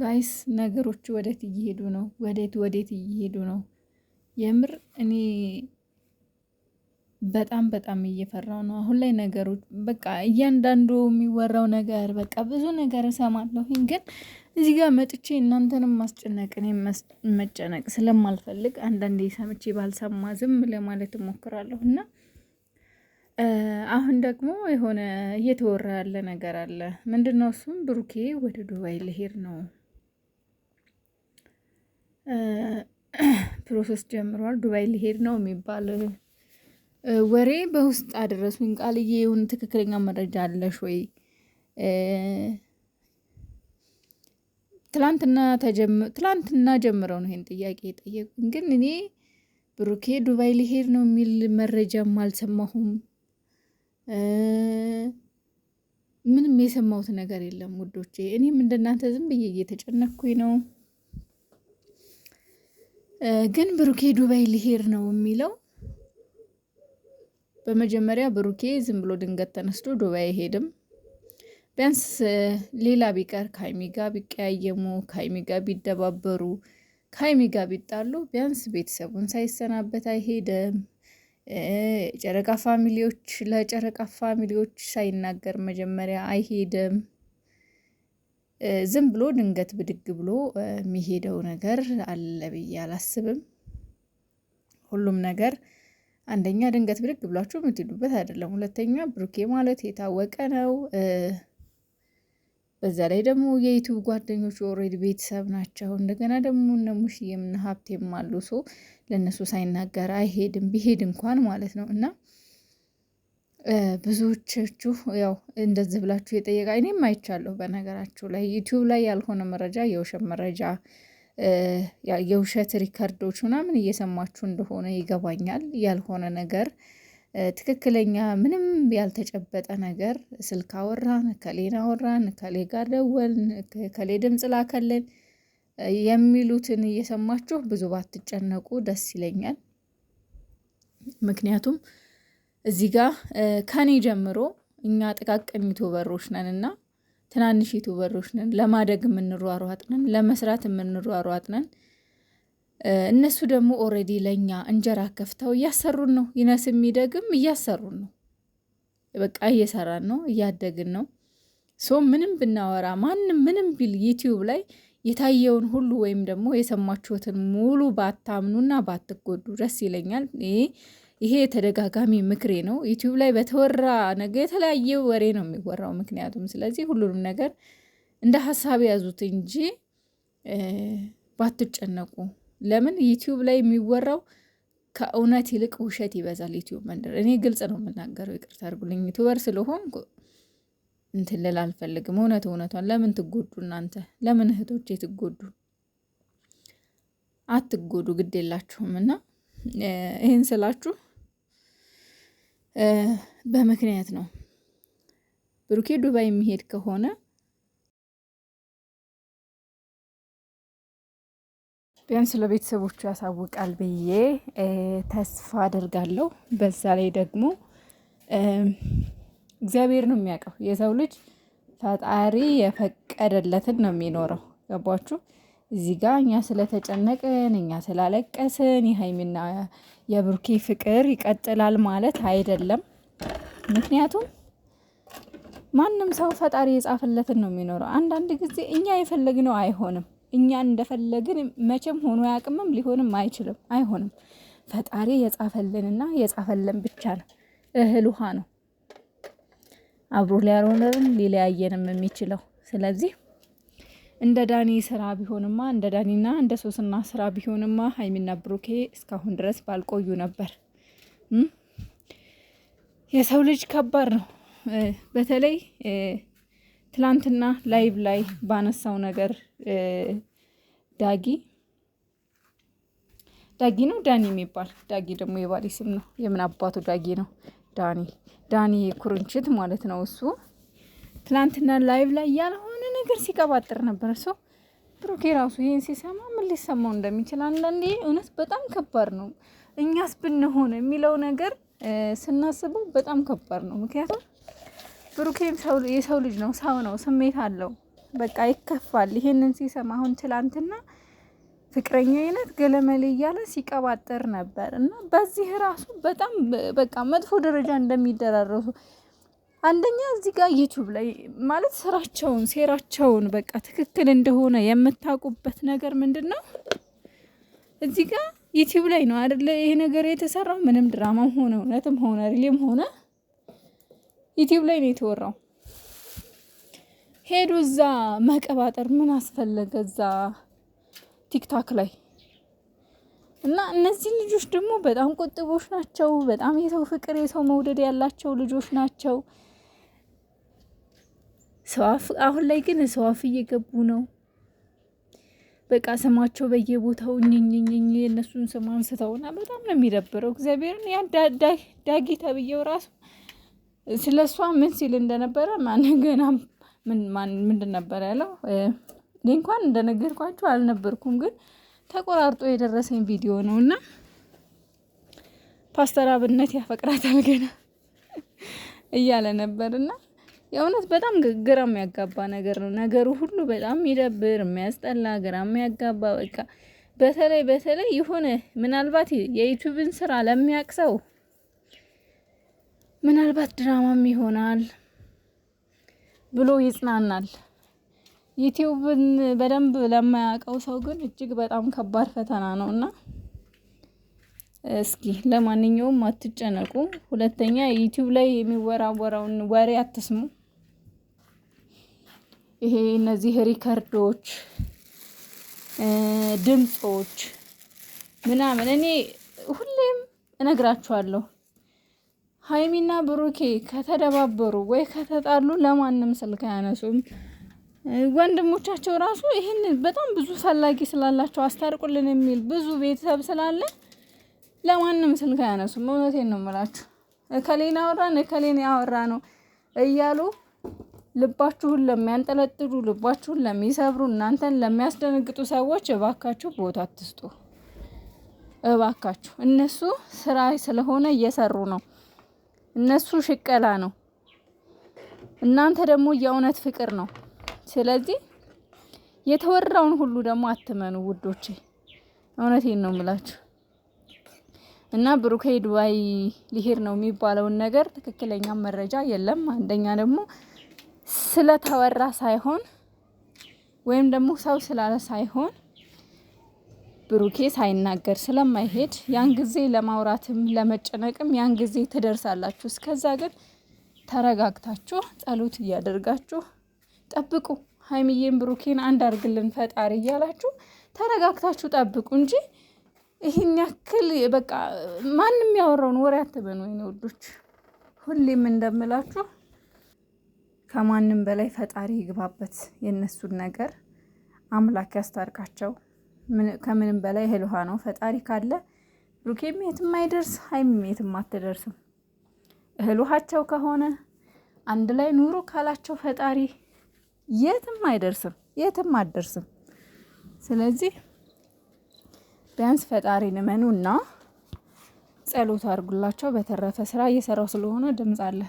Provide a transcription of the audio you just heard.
ጋይስ ነገሮች ወዴት እየሄዱ ነው? ወዴት ወዴት እየሄዱ ነው? የምር እኔ በጣም በጣም እየፈራው ነው አሁን ላይ ነገሮች። በቃ እያንዳንዱ የሚወራው ነገር በቃ ብዙ ነገር እሰማለሁኝ፣ ግን እዚህ ጋር መጥቼ እናንተንም ማስጨነቅ መጨነቅ ስለማልፈልግ አንዳንዴ ሰምቼ ባልሰማ ዝም ለማለት እሞክራለሁ እና አሁን ደግሞ የሆነ እየተወራ ያለ ነገር አለ። ምንድን ነው እሱም? ብሩኬ ወደ ዱባይ ልሄድ ነው ፕሮሰስ ጀምሯል። ዱባይ ሊሄድ ነው የሚባል ወሬ በውስጥ አደረሱኝ። ቃልዬ ይሁን ትክክለኛ መረጃ አለሽ ወይ? ትላንትና ጀምረው ነው ይሄን ጥያቄ የጠየቁኝ። ግን እኔ ብሩኬ ዱባይ ሊሄድ ነው የሚል መረጃም አልሰማሁም። ምንም የሰማሁት ነገር የለም ውዶቼ። እኔም እንደናንተ ዝም ብዬ እየተጨነኩኝ ነው። ግን ብሩኬ ዱባይ ሊሄድ ነው የሚለው በመጀመሪያ ብሩኬ ዝም ብሎ ድንገት ተነስቶ ዱባይ አይሄድም። ቢያንስ ሌላ ቢቀር ከሀይሚ ጋ ቢቀያየሙ፣ ከሀይሚ ጋ ቢደባበሩ፣ ከሀይሚ ጋ ቢጣሉ ቢያንስ ቤተሰቡን ሳይሰናበት አይሄድም። ጨረቃ ፋሚሊዎች ለጨረቃ ፋሚሊዎች ሳይናገር መጀመሪያ አይሄድም። ዝም ብሎ ድንገት ብድግ ብሎ የሚሄደው ነገር አለ ብዬ አላስብም። ሁሉም ነገር አንደኛ ድንገት ብድግ ብሏችሁ የምትሄዱበት አይደለም። ሁለተኛ ብሩኬ ማለት የታወቀ ነው። በዛ ላይ ደግሞ የዩቱብ ጓደኞች ኦልሬዲ ቤተሰብ ናቸው። እንደገና ደግሞ እነ ሙሽዬም እነ ሀብቴም አሉ። ሰው ለእነሱ ሳይናገር አይሄድም፣ ቢሄድ እንኳን ማለት ነው እና ብዙዎቻችሁ ያው እንደዚህ ብላችሁ የጠየቃ እኔም አይቻለሁ። በነገራችሁ ላይ ዩቲዩብ ላይ ያልሆነ መረጃ የውሸት መረጃ የውሸት ሪከርዶች ምናምን እየሰማችሁ እንደሆነ ይገባኛል። ያልሆነ ነገር ትክክለኛ ምንም ያልተጨበጠ ነገር ስልክ አወራን፣ እከሌን አወራን፣ ከሌ ጋር ደወልን፣ ከሌ ድምፅ ላከልን የሚሉትን እየሰማችሁ ብዙ ባትጨነቁ ደስ ይለኛል። ምክንያቱም እዚህ ጋር ከኔ ጀምሮ እኛ ጥቃቅን ዩቱበሮች ነን እና ትናንሽ ዩቱበሮች ነን፣ ለማደግ የምንሯሯጥ ነን፣ ለመስራት የምንሯሯጥ ነን። እነሱ ደግሞ ኦልሬዲ ለእኛ እንጀራ ከፍተው እያሰሩን ነው። ይነስ የሚደግም እያሰሩን ነው። በቃ እየሰራን ነው፣ እያደግን ነው። ሶ ምንም ብናወራ ማንም ምንም ቢል ዩቲዩብ ላይ የታየውን ሁሉ ወይም ደግሞ የሰማችሁትን ሙሉ ባታምኑና ባትጎዱ ደስ ይለኛል። ይሄ የተደጋጋሚ ምክሬ ነው። ዩቲዩብ ላይ በተወራ ነገ የተለያየ ወሬ ነው የሚወራው። ምክንያቱም ስለዚህ ሁሉንም ነገር እንደ ሀሳብ ያዙት እንጂ ባትጨነቁ። ለምን ዩቲዩብ ላይ የሚወራው ከእውነት ይልቅ ውሸት ይበዛል። ዩቲዩብ መንደር እኔ ግልጽ ነው የምናገረው፣ ይቅርታ አድርጉልኝ። ዩቲዩበር ስለሆንኩ እንትን ልል አልፈልግም። እውነት እውነቷን ለምን ትጎዱ እናንተ? ለምን እህቶቼ ትጎዱ? አትጎዱ፣ ግድ የላችሁም እና ይህን ስላችሁ በምክንያት ነው። ብሩኬ ዱባይ የሚሄድ ከሆነ ቢያንስ ለቤተሰቦቹ ያሳውቃል ብዬ ተስፋ አደርጋለሁ። በዛ ላይ ደግሞ እግዚአብሔር ነው የሚያውቀው። የሰው ልጅ ፈጣሪ የፈቀደለትን ነው የሚኖረው። ገባችሁ? እዚህ እኛ ስለተጨነቅን እኛ ስላለቀስን የሀይሚና የብሩኬ ፍቅር ይቀጥላል ማለት አይደለም። ምክንያቱም ማንም ሰው ፈጣሪ የጻፈለትን ነው የሚኖረው። አንዳንድ ጊዜ እኛ የፈለግነው አይሆንም። እኛ እንደፈለግን መቼም ሆኖ ያቅምም ሊሆንም አይችልም፣ አይሆንም። ፈጣሪ የጻፈልንና የጻፈልን ብቻ ነው። እህል ውሃ ነው አብሮ ሊያሮነርን ሊለያየንም የሚችለው ስለዚህ እንደ ዳኒ ስራ ቢሆንማ እንደ ዳኒና እንደ ሶስና ስራ ቢሆንማ ሀይሚና ብሩኬ እስካሁን ድረስ ባልቆዩ ነበር። የሰው ልጅ ከባድ ነው። በተለይ ትላንትና ላይቭ ላይ ባነሳው ነገር ዳጊ ዳጊ ነው ዳኒ የሚባል ዳጊ ደግሞ የባሌ ስም ነው። የምን አባቱ ዳጊ ነው ዳኒ ዳኒ ኩርንችት ማለት ነው እሱ ትናንትና ላይቭ ላይ ያልሆነ ነገር ሲቀባጥር ነበር። ሰው ብሩኬ ራሱ ይህን ሲሰማ ምን ሊሰማው እንደሚችል አንዳንዴ እውነት በጣም ከባድ ነው። እኛስ ብንሆን የሚለው ነገር ስናስበው በጣም ከባድ ነው። ምክንያቱም ብሩኬም የሰው ልጅ ነው፣ ሰው ነው፣ ስሜት አለው። በቃ ይከፋል። ይሄንን ሲሰማ አሁን ትላንትና ፍቅረኛ አይነት ገለመሌ እያለ ሲቀባጠር ነበር እና በዚህ ራሱ በጣም በቃ መጥፎ ደረጃ እንደሚደራረሱ አንደኛ እዚህ ጋር ዩቱብ ላይ ማለት ስራቸውን ሴራቸውን በቃ ትክክል እንደሆነ የምታውቁበት ነገር ምንድን ነው? እዚህ ጋር ዩቲዩብ ላይ ነው አይደለ? ይሄ ነገር የተሰራው ምንም ድራማም ሆነ እውነትም ሆነ ሪሊም ሆነ ዩቲዩብ ላይ ነው የተወራው። ሄዱ እዛ መቀባጠር ምን አስፈለገ? እዛ ቲክታክ ላይ እና እነዚህ ልጆች ደግሞ በጣም ቁጥቦች ናቸው። በጣም የሰው ፍቅር የሰው መውደድ ያላቸው ልጆች ናቸው። አሁን ላይ ግን ሰዋፍ እየገቡ ነው። በቃ ስማቸው በየቦታው እኝኝኝኝ የእነሱን ስም አንስተውና በጣም ነው የሚደብረው። እግዚአብሔርን ያ ዳጊ ተብዬው ራሱ ስለ እሷ ምን ሲል እንደነበረ ማን ገና ምንድን ነበር ያለው? እኔ እንኳን እንደነገርኳችሁ አልነበርኩም፣ ግን ተቆራርጦ የደረሰኝ ቪዲዮ ነው እና ፓስተር አብነት ያፈቅራታል ገና እያለ ነበር እና የእውነት በጣም ግራ የሚያጋባ ነገር ነው። ነገሩ ሁሉ በጣም የሚደብር የሚያስጠላ፣ ግራ የሚያጋባ በቃ በተለይ በተለይ የሆነ ምናልባት የዩቱብን ስራ ለሚያቅ ሰው ምናልባት ድራማም ይሆናል ብሎ ይጽናናል። ዩቲዩብን በደንብ ለማያውቀው ሰው ግን እጅግ በጣም ከባድ ፈተና ነው እና እስኪ ለማንኛውም አትጨነቁ። ሁለተኛ ዩቲዩብ ላይ የሚወራወረውን ወሬ አትስሙ። ይሄ እነዚህ ሪከርዶች፣ ድምፆች ምናምን እኔ ሁሌም እነግራችኋለሁ ሀይሚና ብሩኬ ከተደባበሩ ወይ ከተጣሉ ለማንም ስልክ አያነሱም። ወንድሞቻቸው ራሱ ይህን በጣም ብዙ ፈላጊ ስላላቸው አስታርቁልን የሚል ብዙ ቤተሰብ ስላለ ለማንም ስልክ አያነሱም። እውነቴን ነው የምላችሁ። እከሌን አወራን እከሌን ያወራ ነው እያሉ ልባችሁን ለሚያንጠለጥሉ፣ ልባችሁን ለሚሰብሩ፣ እናንተን ለሚያስደነግጡ ሰዎች እባካችሁ ቦታ አትስጡ። እባካችሁ እነሱ ስራ ስለሆነ እየሰሩ ነው። እነሱ ሽቀላ ነው፣ እናንተ ደግሞ የእውነት ፍቅር ነው። ስለዚህ የተወራውን ሁሉ ደግሞ አትመኑ ውዶቼ፣ እውነቴን ነው ምላችሁ። እና ብሩኬ ዱባይ ሊሄድ ነው የሚባለውን ነገር ትክክለኛ መረጃ የለም። አንደኛ ደግሞ ስለተወራ ሳይሆን ወይም ደግሞ ሰው ስላለ ሳይሆን ብሩኬ ሳይናገር ስለማይሄድ ያን ጊዜ ለማውራትም ለመጨነቅም ያን ጊዜ ትደርሳላችሁ። እስከዛ ግን ተረጋግታችሁ ጸሎት እያደርጋችሁ ጠብቁ። ሀይሚዬን ብሩኬን አንድ አርግልን ፈጣሪ እያላችሁ ተረጋግታችሁ ጠብቁ እንጂ ይህን ያክል በቃ ማንም ያወራውን ወሬ አትበኑ። ወይኔ ውዶች፣ ሁሌም እንደምላችሁ ከማንም በላይ ፈጣሪ ይግባበት። የነሱን ነገር አምላክ ያስታርቃቸው። ከምንም በላይ እህል ውሃ ነው። ፈጣሪ ካለ ብሩኬም የትም አይደርስ፣ ሀይሚም የትም አትደርስም። እህል ውሃቸው ከሆነ አንድ ላይ ኑሩ ካላቸው ፈጣሪ የትም አይደርስም፣ የትም አትደርስም። ስለዚህ ቢያንስ ፈጣሪ ንመኑ እና ጸሎት አድርጉላቸው። በተረፈ ስራ እየሰራው ስለሆነ ድምፅ አለ።